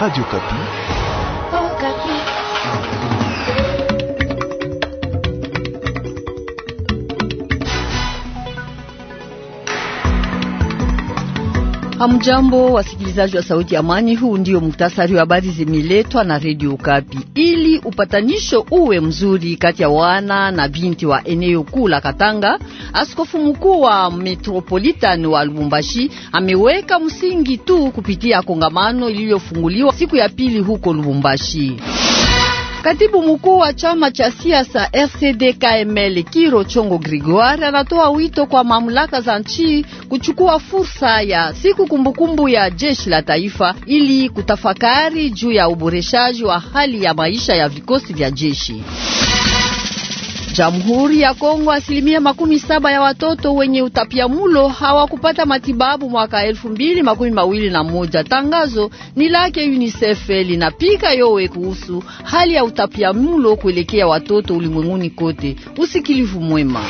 Radio Kapi. Amjambo, wasikilizaji wa Sauti ya Amani. Huu ndio muktasari wa habari zimeletwa na Redio ukapi Ili upatanisho uwe mzuri kati ya wana na binti wa eneo kuu la Katanga, askofu mkuu wa metropolitan wa Lubumbashi ameweka msingi tu kupitia kongamano lililofunguliwa siku ya pili huko Lubumbashi. Katibu mkuu wa chama cha siasa RCD KML Kiro Chongo Grigoire anatoa wito kwa mamlaka za nchi kuchukua fursa ya siku kumbukumbu ya jeshi la taifa ili kutafakari juu ya uboreshaji wa hali ya maisha ya vikosi vya jeshi. Jamhuri ya Kongo, asilimia makumi saba ya watoto wenye mulo hawakupata matibabu mwaka elfu mbili makumi mawili na moja. Tangazo ni lake UNICEF linapika yowe kuhusu hali ya mulo kuelekea watoto ulimwenguni kote. Usikilivu mwema.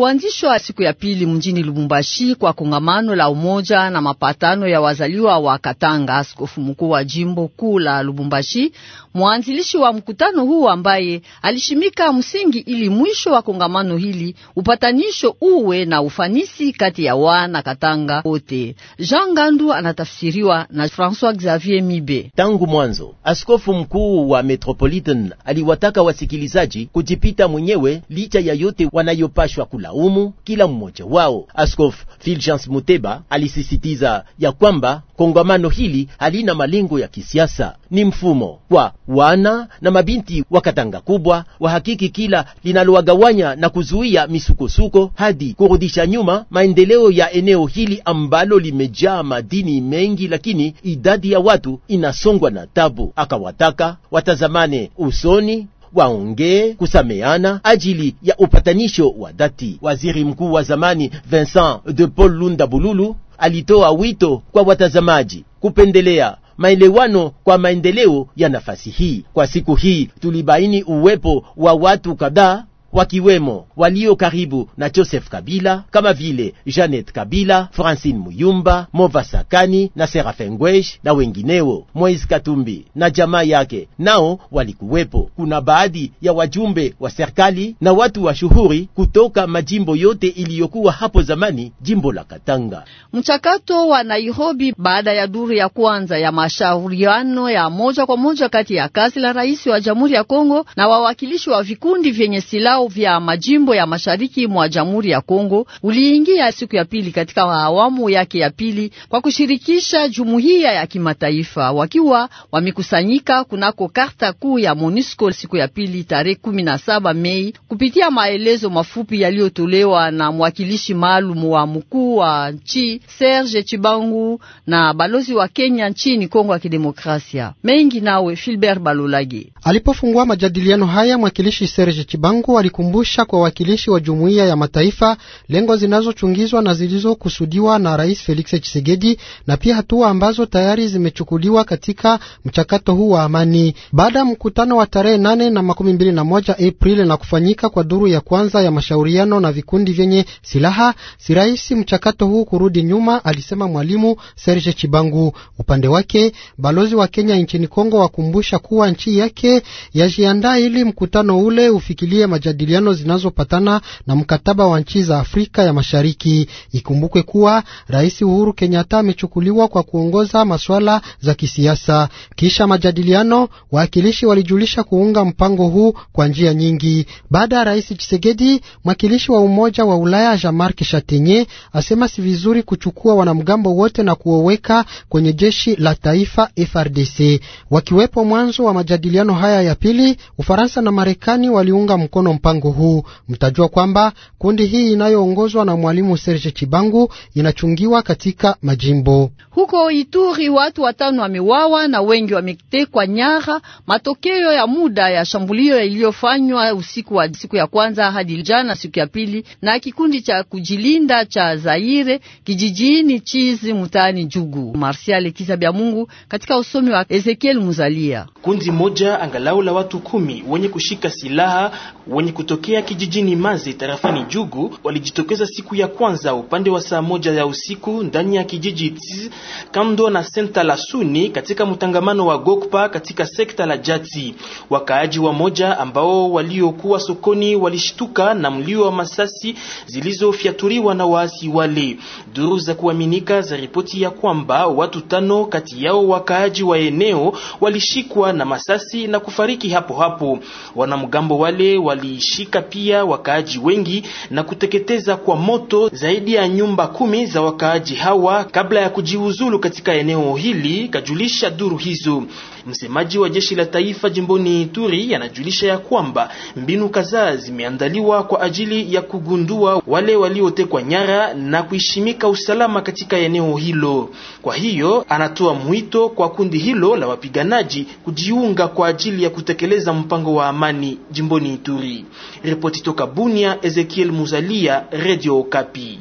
Kuanzishwa siku ya pili mjini Lubumbashi kwa kongamano la umoja na mapatano ya wazaliwa wa Katanga, askofu mkuu wa jimbo kuu la Lubumbashi, mwanzilishi wa mkutano huu ambaye alishimika msingi ili mwisho wa kongamano hili upatanisho uwe na ufanisi kati ya wana Katanga wote. Jean Gandu anatafsiriwa na François Xavier Mibe. Tangu mwanzo, askofu mkuu wa Metropolitan aliwataka wasikilizaji kujipita mwenyewe licha ya yote wanayopashwa kula wamelaumu kila mmoja wao. Askofu Fulgence Muteba alisisitiza ya kwamba kongamano hili halina malengo ya kisiasa, ni mfumo kwa wana na mabinti wa Katanga kubwa wahakiki kila linalowagawanya na kuzuia misukosuko hadi kurudisha nyuma maendeleo ya eneo hili ambalo limejaa madini mengi, lakini idadi ya watu inasongwa na tabu. Akawataka watazamane usoni waongee kusameana ajili ya upatanisho wa dhati. Waziri mkuu wa zamani Vincent de Paul Lunda Bululu alitoa wito kwa watazamaji kupendelea maelewano kwa maendeleo ya nafasi hii. Kwa siku hii tulibaini uwepo wa watu kadhaa wakiwemo walio karibu na Joseph Kabila kama vile Janet Kabila, Francine Muyumba, Mova Sakani na Serafin Gwesh na wengineo, Moise Katumbi na jamaa yake nao walikuwepo. Kuna baadhi ya wajumbe wa serikali na watu wa shuhuri kutoka majimbo yote iliyokuwa hapo zamani jimbo la Katanga. Mchakato wa Nairobi baada ya duru ya kwanza ya mashauriano ya moja kwa moja kati ya kazi la rais wa Jamhuri ya Kongo na wawakilishi wa vikundi vyenye silaha vikao vya majimbo ya mashariki mwa Jamhuri ya Kongo uliingia siku ya pili katika awamu yake ya pili kwa kushirikisha jumuiya ya kimataifa wakiwa wamekusanyika kunako karta kuu ya MONUSCO siku ya pili tarehe 17 Mei, kupitia maelezo mafupi yaliyotolewa na mwakilishi maalum wa mkuu wa nchi Serge Chibangu na balozi wa Kenya nchini Kongo ya Kidemokrasia. Mengi nawe Filbert Balolage alipofungua majadiliano haya, mwakilishi Serge Chibangu alikumbusha kwa wakilishi wa jumuiya ya mataifa lengo zinazochungizwa na zilizokusudiwa na Rais Felix Tshisekedi na pia hatua ambazo tayari zimechukuliwa katika mchakato huu wa amani. Baada ya mkutano wa tarehe nane na makumi mbili na moja Aprili na kufanyika kwa duru ya kwanza ya mashauriano na vikundi vyenye silaha, si rahisi mchakato huu kurudi nyuma, alisema mwalimu Serge Chibangu. Upande wake balozi wa Kenya nchini Kongo wakumbusha kuwa nchi yake yajiandaa ili mkutano ule ufikilie majadiliano majadiliano zinazopatana na mkataba wa nchi za Afrika ya Mashariki. Ikumbukwe kuwa Rais Uhuru Kenyatta amechukuliwa kwa kuongoza masuala za kisiasa. Kisha majadiliano, waakilishi walijulisha kuunga mpango huu kwa njia nyingi. Baada ya Rais Tshisekedi, mwakilishi wa Umoja wa Ulaya Jean-Marc Chatenye asema si vizuri kuchukua wanamgambo wote na kuwaweka kwenye jeshi la taifa FRDC. Wakiwepo mwanzo wa majadiliano haya ya pili, Ufaransa na Marekani waliunga mkono mpango mpango huu, mtajua kwamba kundi hii inayoongozwa na mwalimu Serge Chibangu inachungiwa katika majimbo. Huko Ituri watu watano wamewawa na wengi wametekwa nyara, matokeo ya muda ya shambulio iliyofanywa usiku wa siku ya kwanza hadi jana siku ya pili na kikundi cha kujilinda cha Zaire kijijini Chizi mtaani Jugu. Marsial Bya Mungu katika usomi wa Ezekiel Muzalia. Kundi moja angalau la watu kumi wenye kushika silaha wenye kutokea kijijini Maze tarafani Jugu walijitokeza siku ya kwanza upande wa saa moja ya usiku ndani ya kijiji Tsiz, kando na senta la Suni katika mtangamano wa Gokpa katika sekta la Jati. Wakaaji wa moja ambao waliokuwa sokoni walishtuka na mlio wa masasi zilizofyaturiwa na waasi wale. Duru za kuaminika za ripoti ya kwamba watu tano kati yao wakaaji wa eneo walishikwa na masasi na kufariki hapo hapo. Wanamgambo wale wali kushika pia wakaaji wengi na kuteketeza kwa moto zaidi ya nyumba kumi za wakaaji hawa kabla ya kujiuzulu katika eneo hili, kajulisha duru hizo. Msemaji wa jeshi la taifa jimboni Ituri anajulisha ya kwamba mbinu kadhaa zimeandaliwa kwa ajili ya kugundua wale waliotekwa nyara na kuishimika usalama katika eneo hilo. Kwa hiyo anatoa mwito kwa kundi hilo la wapiganaji kujiunga kwa ajili ya kutekeleza mpango wa amani jimboni Ituri. Ripoti toka Bunia, Ezekiel Muzalia, Radio Okapi.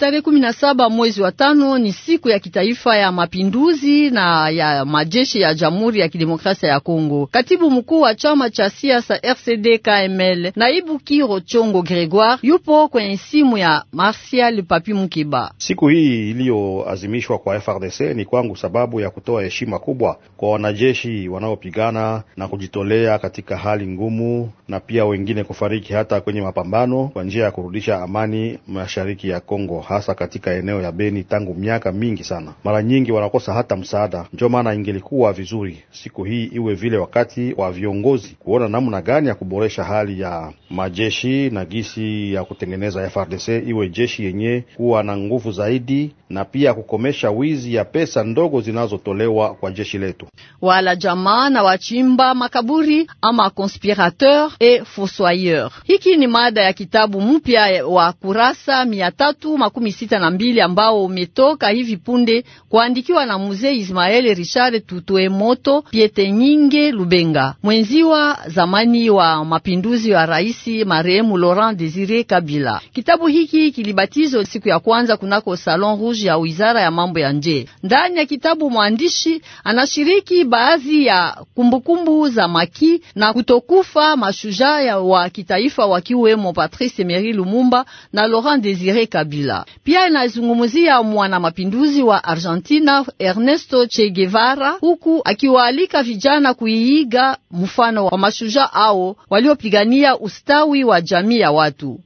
tarehe kumi na saba mwezi wa tano ni siku ya kitaifa ya mapinduzi na ya majeshi ya Jamhuri ya Kidemokrasia ya Kongo. Katibu mkuu wa chama cha siasa RCD KML naibu Kiro Chongo Gregoire yupo kwenye simu ya Martial Papi Mukeba. Siku hii iliyoazimishwa kwa FRDC ni kwangu sababu ya kutoa heshima kubwa kwa wanajeshi wanaopigana na kujitolea katika hali ngumu na pia wengine kufariki hata kwenye mapambano kwa njia ya kurudisha amani mashariki ya Kongo hasa katika eneo ya Beni tangu miaka mingi sana. Mara nyingi wanakosa hata msaada, ndio maana ingelikuwa vizuri siku hii iwe vile wakati wa viongozi kuona namna gani ya kuboresha hali ya majeshi na gisi ya kutengeneza FRDC iwe jeshi yenye kuwa na nguvu zaidi, na pia kukomesha wizi ya pesa ndogo zinazotolewa kwa jeshi letu. Wala jamaa na wachimba makaburi ama conspirateur et fossoyeur. Hiki ni mada ya kitabu mpya wa kurasa mia tatu makumi makumi sita na mbili ambao umetoka hivi punde kuandikiwa na mzee Ismael Richard Moto Piete Nyinge Lubenga, mwenziwa zamani wa mapinduzi ya rais marehemu Laurent Desire Kabila. Kitabu hiki kilibatizwa siku ya kwanza kunako Salon Rouge ya Wizara ya Mambo ya Nje. Ndani ya kitabu mwandishi anashiriki baadhi ya kumbukumbu za maki na kutokufa mashujaa wa kitaifa wakiwemo Patrice Emery Lumumba na Laurent Desire Kabila. Pia inazungumzia mapinduzi wa Argentina Ernesto Che Guevara, huku akiwaalika vijana kuiiga mfano wa mashujaa hao waliopigania ustawi wa jamii ya watu.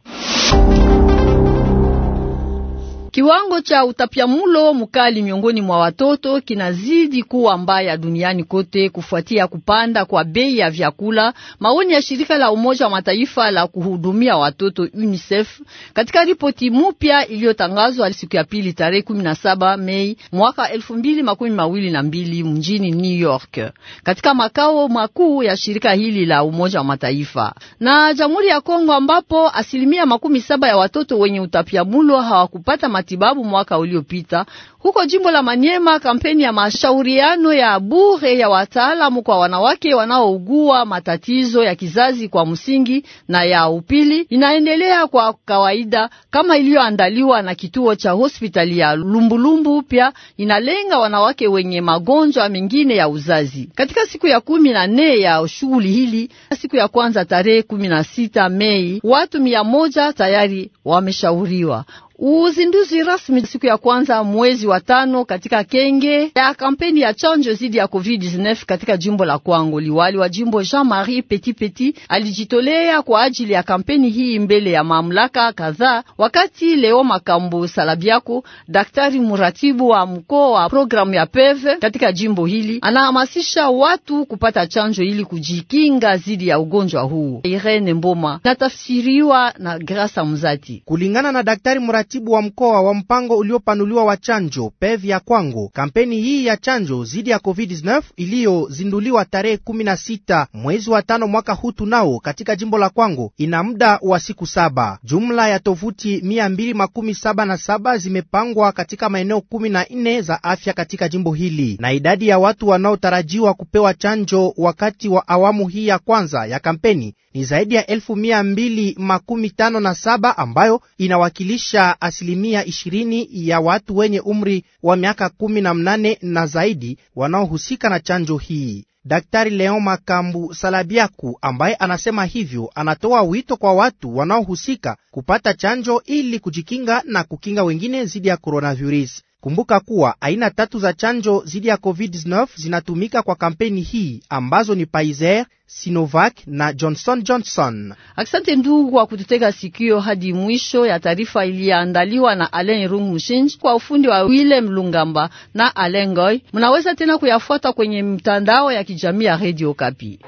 Kiwango cha utapiamlo mkali miongoni mwa watoto kinazidi kuwa mbaya duniani kote kufuatia kupanda kwa bei ya vyakula. Maoni ya shirika la Umoja wa Mataifa la kuhudumia watoto UNICEF katika ripoti mpya iliyotangazwa siku ya pili tarehe 17 Mei mwaka 2022 mjini New York katika makao makuu ya shirika hili la Umoja wa Mataifa na Jamhuri ya Kongo, ambapo asilimia makumi saba ya watoto wenye utapiamlo hawakupata matibabu mwaka uliopita. Huko jimbo la Manyema, kampeni ya mashauriano ya bure ya wataalamu kwa wanawake wanaougua matatizo ya kizazi kwa msingi na ya upili inaendelea kwa kawaida kama iliyoandaliwa na kituo cha hospitali ya Lumbulumbu. Pia inalenga wanawake wenye magonjwa mengine ya uzazi katika siku ya kumi na nne ya shughuli hili, siku ya kwanza tarehe kumi na sita Mei, watu mia moja tayari wameshauriwa. Uzinduzi rasmi siku ya kwanza mwezi wa tano katika kenge ya kampeni ya chanjo dhidi ya COVID-19 katika jimbo la Kwango. Liwali wa jimbo Jean-Marie Petit Petit alijitolea kwa ajili ya kampeni hii mbele ya mamlaka kadhaa, wakati leo Makambo Salabiako, daktari muratibu wa mkoa wa programu ya PEV katika jimbo hili, anahamasisha watu kupata chanjo ili kujikinga dhidi ya ugonjwa huu. Irene Mboma natafsiriwa na Grasa Mzati haki. Kulingana na daktari mratibu wa mkoa wa mpango uliopanuliwa wa chanjo PEV ya Kwango, kampeni hii ya chanjo dhidi ya COVID-19 iliyozinduliwa tarehe 16 mwezi wa tano mwaka hutu nao katika jimbo la Kwango ina muda wa siku saba. Jumla ya tovuti 277 zimepangwa katika maeneo 14 za afya katika jimbo hili, na idadi ya watu wanaotarajiwa kupewa chanjo wakati wa awamu hii ya kwanza ya kampeni ni zaidi ya elfu mia mbili makumi tano na saba ambayo inawakilisha asilimia ishirini ya watu wenye umri wa miaka kumi na mnane na zaidi wanaohusika na chanjo hii. Daktari Leon Makambu Salabiaku ambaye anasema hivyo, anatoa wito kwa watu wanaohusika kupata chanjo ili kujikinga na kukinga wengine dhidi ya coronavirus. Kumbuka kuwa aina tatu za chanjo zidi ya COVID-19 zinatumika kwa kampeni hii ambazo ni Pfizer, Sinovac na Johnson Johnson. Asante ndugu kwa kututega sikio hadi mwisho ya taarifa iliyoandaliwa na Alain Rumushinji kwa ufundi wa Willem Lungamba na goy Mnaweza tena kuyafuata kwenye mtandao ya kijamii ya Radio Kapi.